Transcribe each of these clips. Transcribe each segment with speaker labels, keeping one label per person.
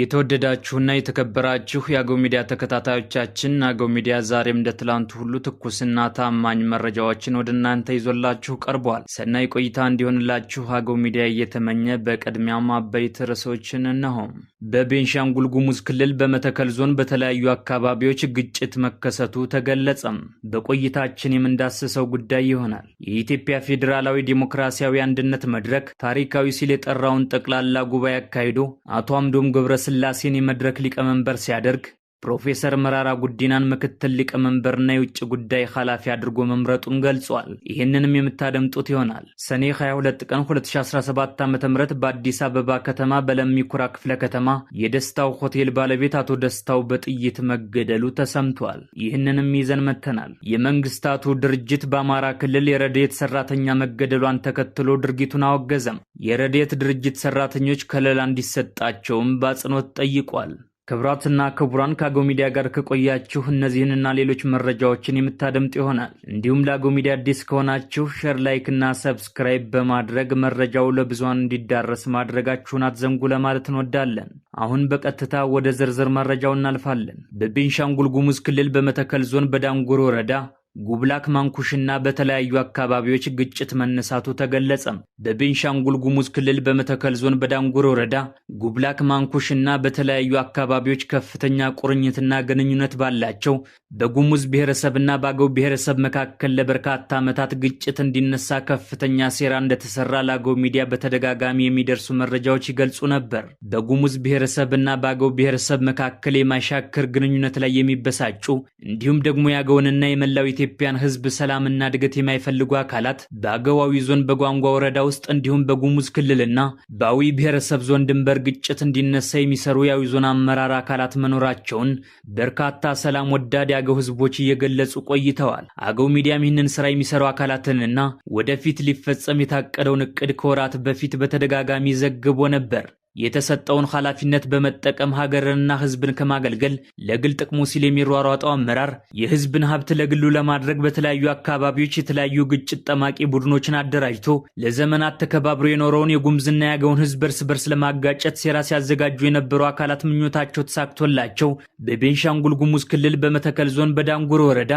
Speaker 1: የተወደዳችሁና የተከበራችሁ የአገው ሚዲያ ተከታታዮቻችን አገው ሚዲያ ዛሬም እንደ ትላንቱ ሁሉ ትኩስና ታማኝ መረጃዎችን ወደ እናንተ ይዞላችሁ ቀርቧል። ሰናይ ቆይታ እንዲሆንላችሁ አገው ሚዲያ እየተመኘ በቅድሚያም አበይት ርዕሶችን እነሆም በቤንሻንጉል ጉሙዝ ክልል በመተከል ዞን በተለያዩ አካባቢዎች ግጭት መከሰቱ ተገለጸም። በቆይታችን የምንዳስሰው ጉዳይ ይሆናል። የኢትዮጵያ ፌዴራላዊ ዴሞክራሲያዊ አንድነት መድረክ ታሪካዊ ሲል የጠራውን ጠቅላላ ጉባኤ አካሂዶ አቶ አምዶም ገብረስላሴን የመድረክ ሊቀመንበር ሲያደርግ ፕሮፌሰር መራራ ጉዲናን ምክትል ሊቀመንበርና የውጭ ጉዳይ ኃላፊ አድርጎ መምረጡን ገልጿል። ይህንንም የምታደምጡት ይሆናል። ሰኔ 22 ቀን 2017 ዓ ም በአዲስ አበባ ከተማ በለሚኩራ ክፍለ ከተማ የደስታው ሆቴል ባለቤት አቶ ደስታው በጥይት መገደሉ ተሰምቷል። ይህንንም ይዘን መጥተናል። የመንግስታቱ ድርጅት በአማራ ክልል የረድኤት ሰራተኛ መገደሏን ተከትሎ ድርጊቱን አወገዘም። የረድኤት ድርጅት ሰራተኞች ከለላ እንዲሰጣቸውም በአጽንኦት ጠይቋል። ክቡራትና ክቡራን ከአጎ ሚዲያ ጋር ከቆያችሁ እነዚህንና ሌሎች መረጃዎችን የምታደምጥ ይሆናል። እንዲሁም ለአጎ ሚዲያ አዲስ ከሆናችሁ ሼር፣ ላይክና ሰብስክራይብ በማድረግ መረጃው ለብዙን እንዲዳረስ ማድረጋችሁን አትዘንጉ ለማለት እንወዳለን። አሁን በቀጥታ ወደ ዝርዝር መረጃው እናልፋለን። በቤንሻንጉል ጉሙዝ ክልል በመተከል ዞን በዳንጉር ወረዳ ጉብላክ ማንኩሽና በተለያዩ አካባቢዎች ግጭት መነሳቱ ተገለጸ። በቤንሻንጉል ጉሙዝ ክልል በመተከል ዞን በዳንጉር ወረዳ ጉብላክ ማንኩሽና በተለያዩ አካባቢዎች ከፍተኛ ቁርኝትና ግንኙነት ባላቸው በጉሙዝ ብሔረሰብና በአገው ብሔረሰብ መካከል ለበርካታ ዓመታት ግጭት እንዲነሳ ከፍተኛ ሴራ እንደተሰራ ለአገው ሚዲያ በተደጋጋሚ የሚደርሱ መረጃዎች ይገልጹ ነበር። በጉሙዝ ብሔረሰብና በአገው ብሔረሰብ መካከል የማይሻክር ግንኙነት ላይ የሚበሳጩ እንዲሁም ደግሞ የአገውንና የመላው የኢትዮጵያን ሕዝብ ሰላምና እድገት የማይፈልጉ አካላት በአገዋዊ ዞን በጓንጓ ወረዳ ውስጥ እንዲሁም በጉሙዝ ክልልና በአዊ ብሔረሰብ ዞን ድንበር ግጭት እንዲነሳ የሚሰሩ የአዊ ዞን አመራር አካላት መኖራቸውን በርካታ ሰላም ወዳድ የአገው ሕዝቦች እየገለጹ ቆይተዋል። አገው ሚዲያም ይህንን ስራ የሚሰሩ አካላትንና ወደፊት ሊፈጸም የታቀደውን እቅድ ከወራት በፊት በተደጋጋሚ ዘግቦ ነበር። የተሰጠውን ኃላፊነት በመጠቀም ሀገርንና ህዝብን ከማገልገል ለግል ጥቅሙ ሲል የሚሯሯጠው አመራር የህዝብን ሀብት ለግሉ ለማድረግ በተለያዩ አካባቢዎች የተለያዩ ግጭት ጠማቂ ቡድኖችን አደራጅቶ ለዘመናት ተከባብሮ የኖረውን የጉምዝና ያገውን ህዝብ እርስ በርስ ለማጋጨት ሴራ ሲያዘጋጁ የነበሩ አካላት ምኞታቸው ተሳክቶላቸው በቤንሻንጉል ጉሙዝ ክልል በመተከል ዞን በዳንጉር ወረዳ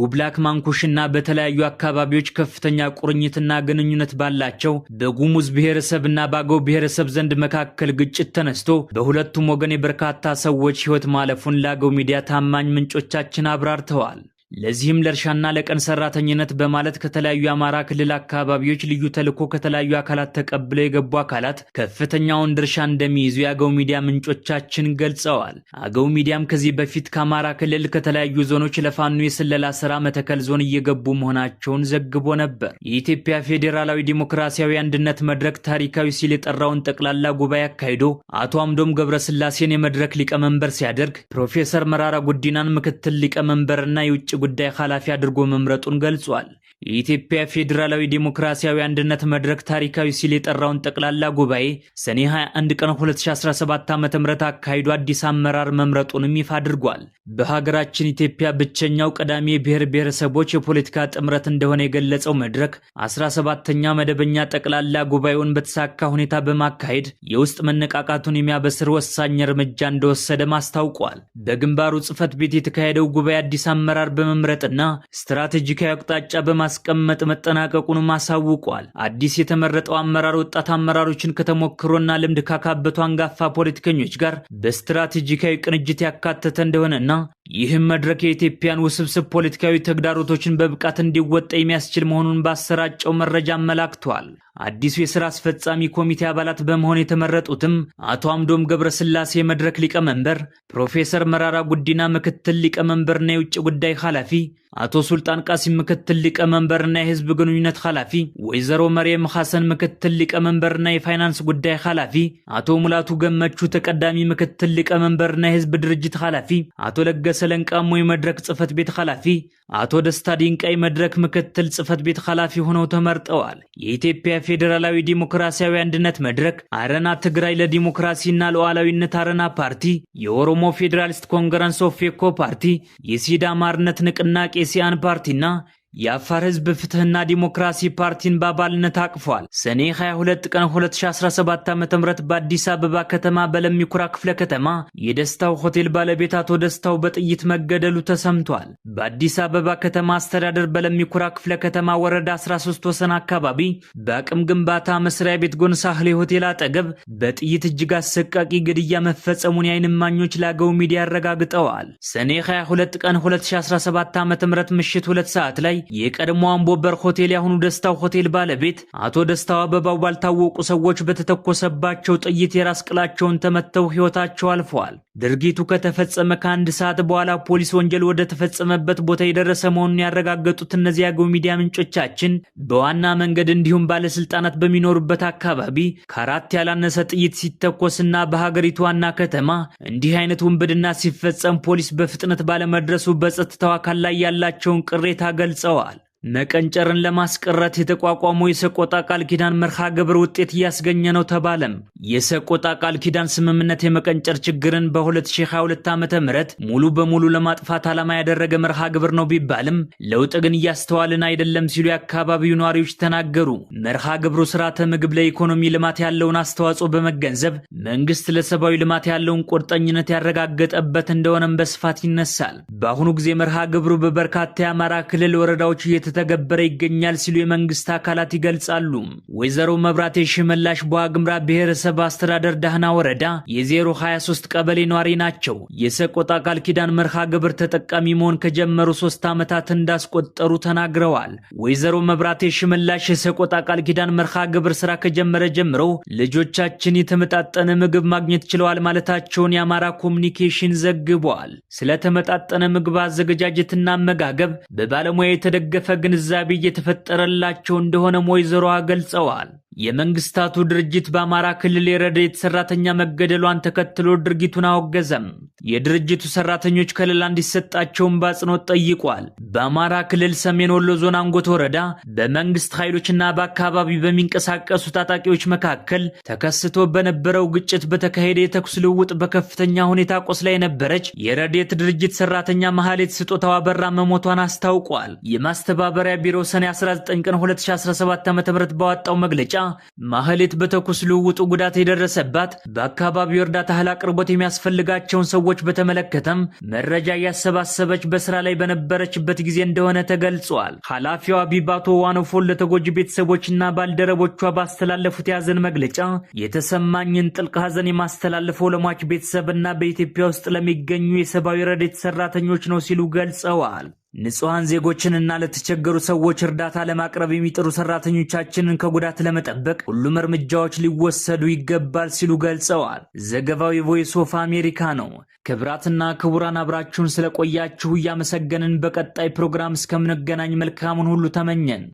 Speaker 1: ጉብላክ ማንኩሽና በተለያዩ አካባቢዎች ከፍተኛ ቁርኝትና ግንኙነት ባላቸው በጉሙዝ ብሔረሰብና በአገው ብሔረሰብ ዘንድ መካከል መካከል ግጭት ተነስቶ በሁለቱም ወገን የበርካታ ሰዎች ሕይወት ማለፉን ላገው ሚዲያ ታማኝ ምንጮቻችን አብራርተዋል። ለዚህም ለእርሻና ለቀን ሰራተኝነት በማለት ከተለያዩ የአማራ ክልል አካባቢዎች ልዩ ተልዕኮ ከተለያዩ አካላት ተቀብለው የገቡ አካላት ከፍተኛውን ድርሻ እንደሚይዙ የአገው ሚዲያ ምንጮቻችን ገልጸዋል። አገው ሚዲያም ከዚህ በፊት ከአማራ ክልል ከተለያዩ ዞኖች ለፋኖ የስለላ ስራ መተከል ዞን እየገቡ መሆናቸውን ዘግቦ ነበር። የኢትዮጵያ ፌዴራላዊ ዲሞክራሲያዊ አንድነት መድረክ ታሪካዊ ሲል የጠራውን ጠቅላላ ጉባኤ አካሂዶ አቶ አምዶም ገብረስላሴን የመድረክ ሊቀመንበር ሲያደርግ ፕሮፌሰር መራራ ጉዲናን ምክትል ሊቀመንበርና የውጭ ጉዳይ ኃላፊ አድርጎ መምረጡን ገልጿል። የኢትዮጵያ ፌዴራላዊ ዴሞክራሲያዊ አንድነት መድረክ ታሪካዊ ሲል የጠራውን ጠቅላላ ጉባኤ ሰኔ 21 ቀን 2017 ዓ ም አካሂዶ አዲስ አመራር መምረጡንም ይፋ አድርጓል። በሀገራችን ኢትዮጵያ ብቸኛው ቀዳሚ የብሔር ብሔረሰቦች የፖለቲካ ጥምረት እንደሆነ የገለጸው መድረክ 17ተኛ መደበኛ ጠቅላላ ጉባኤውን በተሳካ ሁኔታ በማካሄድ የውስጥ መነቃቃቱን የሚያበስር ወሳኝ እርምጃ እንደወሰደም አስታውቋል። በግንባሩ ጽህፈት ቤት የተካሄደው ጉባኤ አዲስ አመራር በ በመምረጥና ስትራቴጂካዊ አቅጣጫ በማስቀመጥ መጠናቀቁንም አሳውቋል። አዲስ የተመረጠው አመራር ወጣት አመራሮችን ከተሞክሮና ልምድ ካካበቱ አንጋፋ ፖለቲከኞች ጋር በስትራቴጂካዊ ቅንጅት ያካተተ እንደሆነና ይህም መድረክ የኢትዮጵያን ውስብስብ ፖለቲካዊ ተግዳሮቶችን በብቃት እንዲወጣ የሚያስችል መሆኑን ባሰራጨው መረጃ አመላክቷል። አዲሱ የስራ አስፈጻሚ ኮሚቴ አባላት በመሆን የተመረጡትም አቶ አምዶም ገብረስላሴ የመድረክ ሊቀመንበር፣ ፕሮፌሰር መራራ ጉዲና ምክትል ሊቀመንበርና የውጭ ጉዳይ ኃላፊ፣ አቶ ሱልጣን ቃሲም ምክትል ሊቀመንበርና የህዝብ ግንኙነት ኃላፊ፣ ወይዘሮ መርየም ሐሰን ምክትል ሊቀመንበርና የፋይናንስ ጉዳይ ኃላፊ፣ አቶ ሙላቱ ገመቹ ተቀዳሚ ምክትል ሊቀመንበርና የህዝብ ድርጅት ኃላፊ፣ አቶ ለገ የሰለንቃ ሞ የመድረክ ጽህፈት ቤት ኃላፊ፣ አቶ ደስታ ዲንቃይ መድረክ ምክትል ጽህፈት ቤት ኃላፊ ሆነው ተመርጠዋል። የኢትዮጵያ ፌዴራላዊ ዲሞክራሲያዊ አንድነት መድረክ፣ አረና ትግራይ ለዲሞክራሲና ሉዓላዊነት አረና ፓርቲ፣ የኦሮሞ ፌዴራሊስት ኮንግረስ ኦፌኮ ፓርቲ፣ የሲዳማ ማርነት ንቅናቄ ሲያን ፓርቲና የአፋር ህዝብ ፍትህና ዲሞክራሲ ፓርቲን በአባልነት አቅፏል። ሰኔ 22 ቀን 2017 ም በአዲስ አበባ ከተማ በለሚኩራ ክፍለ ከተማ የደስታው ሆቴል ባለቤት አቶ ደስታው በጥይት መገደሉ ተሰምቷል። በአዲስ አበባ ከተማ አስተዳደር በለሚኩራ ክፍለ ከተማ ወረዳ 13 ወሰን አካባቢ በአቅም ግንባታ መስሪያ ቤት ጎን ሳህሌ ሆቴል አጠገብ በጥይት እጅግ አሰቃቂ ግድያ መፈጸሙን የአይንማኞች እማኞች ለአገው ሚዲያ አረጋግጠዋል። ሰኔ 22 ቀን 2017 ዓ.ም ምሽት 2 ሰዓት ላይ የቀድሞ አምቦ በር ሆቴል ያሁኑ ደስታው ሆቴል ባለቤት አቶ ደስታው አበባው ባልታወቁ ሰዎች በተተኮሰባቸው ጥይት የራስ ቅላቸውን ተመተው ሕይወታቸው አልፈዋል። ድርጊቱ ከተፈጸመ ከአንድ ሰዓት በኋላ ፖሊስ ወንጀል ወደ ተፈጸመበት ቦታ የደረሰ መሆኑን ያረጋገጡት እነዚህ የአገው ሚዲያ ምንጮቻችን በዋና መንገድ እንዲሁም ባለስልጣናት በሚኖሩበት አካባቢ ከአራት ያላነሰ ጥይት ሲተኮስና በሀገሪቱ ዋና ከተማ እንዲህ አይነት ውንብድና ሲፈጸም ፖሊስ በፍጥነት ባለመድረሱ በጸጥታው አካል ላይ ያላቸውን ቅሬታ ገልጸዋል። السوائل መቀንጨርን ለማስቀረት የተቋቋመው የሰቆጣ ቃል ኪዳን መርሃ ግብር ውጤት እያስገኘ ነው ተባለም። የሰቆጣ ቃል ኪዳን ስምምነት የመቀንጨር ችግርን በ2022 ዓ ም ሙሉ በሙሉ ለማጥፋት ዓላማ ያደረገ መርሃ ግብር ነው ቢባልም ለውጥ ግን እያስተዋልን አይደለም ሲሉ የአካባቢው ነዋሪዎች ተናገሩ። መርሃ ግብሩ ስርዓተ ምግብ ለኢኮኖሚ ልማት ያለውን አስተዋጽኦ በመገንዘብ መንግስት ለሰብአዊ ልማት ያለውን ቁርጠኝነት ያረጋገጠበት እንደሆነም በስፋት ይነሳል። በአሁኑ ጊዜ መርሃ ግብሩ በበርካታ የአማራ ክልል ወረዳዎች እየተ እየተተገበረ ይገኛል ሲሉ የመንግስት አካላት ይገልጻሉ። ወይዘሮ መብራት ሽመላሽ በዋግምራ ብሔረሰብ አስተዳደር ዳህና ወረዳ የ023 ቀበሌ ነዋሪ ናቸው። የሰቆጣ ቃል ኪዳን መርሃ ግብር ተጠቃሚ መሆን ከጀመሩ ሶስት ዓመታት እንዳስቆጠሩ ተናግረዋል። ወይዘሮ መብራቴ ሽመላሽ የሰቆጣ ቃል ኪዳን መርሃ ግብር ስራ ከጀመረ ጀምሮ ልጆቻችን የተመጣጠነ ምግብ ማግኘት ችለዋል ማለታቸውን የአማራ ኮሚኒኬሽን ዘግቧል። ስለተመጣጠነ ምግብ አዘገጃጀትና አመጋገብ በባለሙያ የተደገፈ ግንዛቤ እየተፈጠረላቸው እንደሆነም ወይዘሮዋ ገልጸዋል። የመንግስታቱ ድርጅት በአማራ ክልል የረድኤት ሰራተኛ መገደሏን ተከትሎ ድርጊቱን አወገዘም። የድርጅቱ ሰራተኞች ከለላ እንዲሰጣቸውን በአጽንኦት ጠይቋል። በአማራ ክልል ሰሜን ወሎ ዞን አንጎት ወረዳ በመንግስት ኃይሎችና በአካባቢ በሚንቀሳቀሱ ታጣቂዎች መካከል ተከስቶ በነበረው ግጭት በተካሄደ የተኩስ ልውውጥ በከፍተኛ ሁኔታ ቆስላ የነበረች የረዴት ድርጅት ሰራተኛ መሐሌት ስጦታው አበራ መሞቷን አስታውቋል። የማስተባበሪያ ቢሮ ሰኔ 19 ቀን 2017 ዓ.ም ባወጣው መግለጫ ማህሌት በተኩስ ልውውጡ ጉዳት የደረሰባት በአካባቢው እርዳታ እህል አቅርቦት የሚያስፈልጋቸውን ሰዎች ሰዎች በተመለከተም መረጃ እያሰባሰበች በስራ ላይ በነበረችበት ጊዜ እንደሆነ ተገልጿል። ኃላፊዋ ቢባቶ ዋኖፎን ለተጎጂ ቤተሰቦችና ባልደረቦቿ ባስተላለፉት የሀዘን መግለጫ የተሰማኝን ጥልቅ ሀዘን የማስተላለፈው ለሟች ቤተሰብና በኢትዮጵያ ውስጥ ለሚገኙ የሰብአዊ ረድኤት ሰራተኞች ነው ሲሉ ገልጸዋል። ንጹሐን ዜጎችንና ለተቸገሩ ሰዎች እርዳታ ለማቅረብ የሚጥሩ ሰራተኞቻችንን ከጉዳት ለመጠበቅ ሁሉም እርምጃዎች ሊወሰዱ ይገባል ሲሉ ገልጸዋል። ዘገባው የቮይስ ኦፍ አሜሪካ ነው። ክብራትና ክቡራን አብራችሁን ስለቆያችሁ እያመሰገንን በቀጣይ ፕሮግራም እስከምንገናኝ መልካሙን ሁሉ ተመኘን።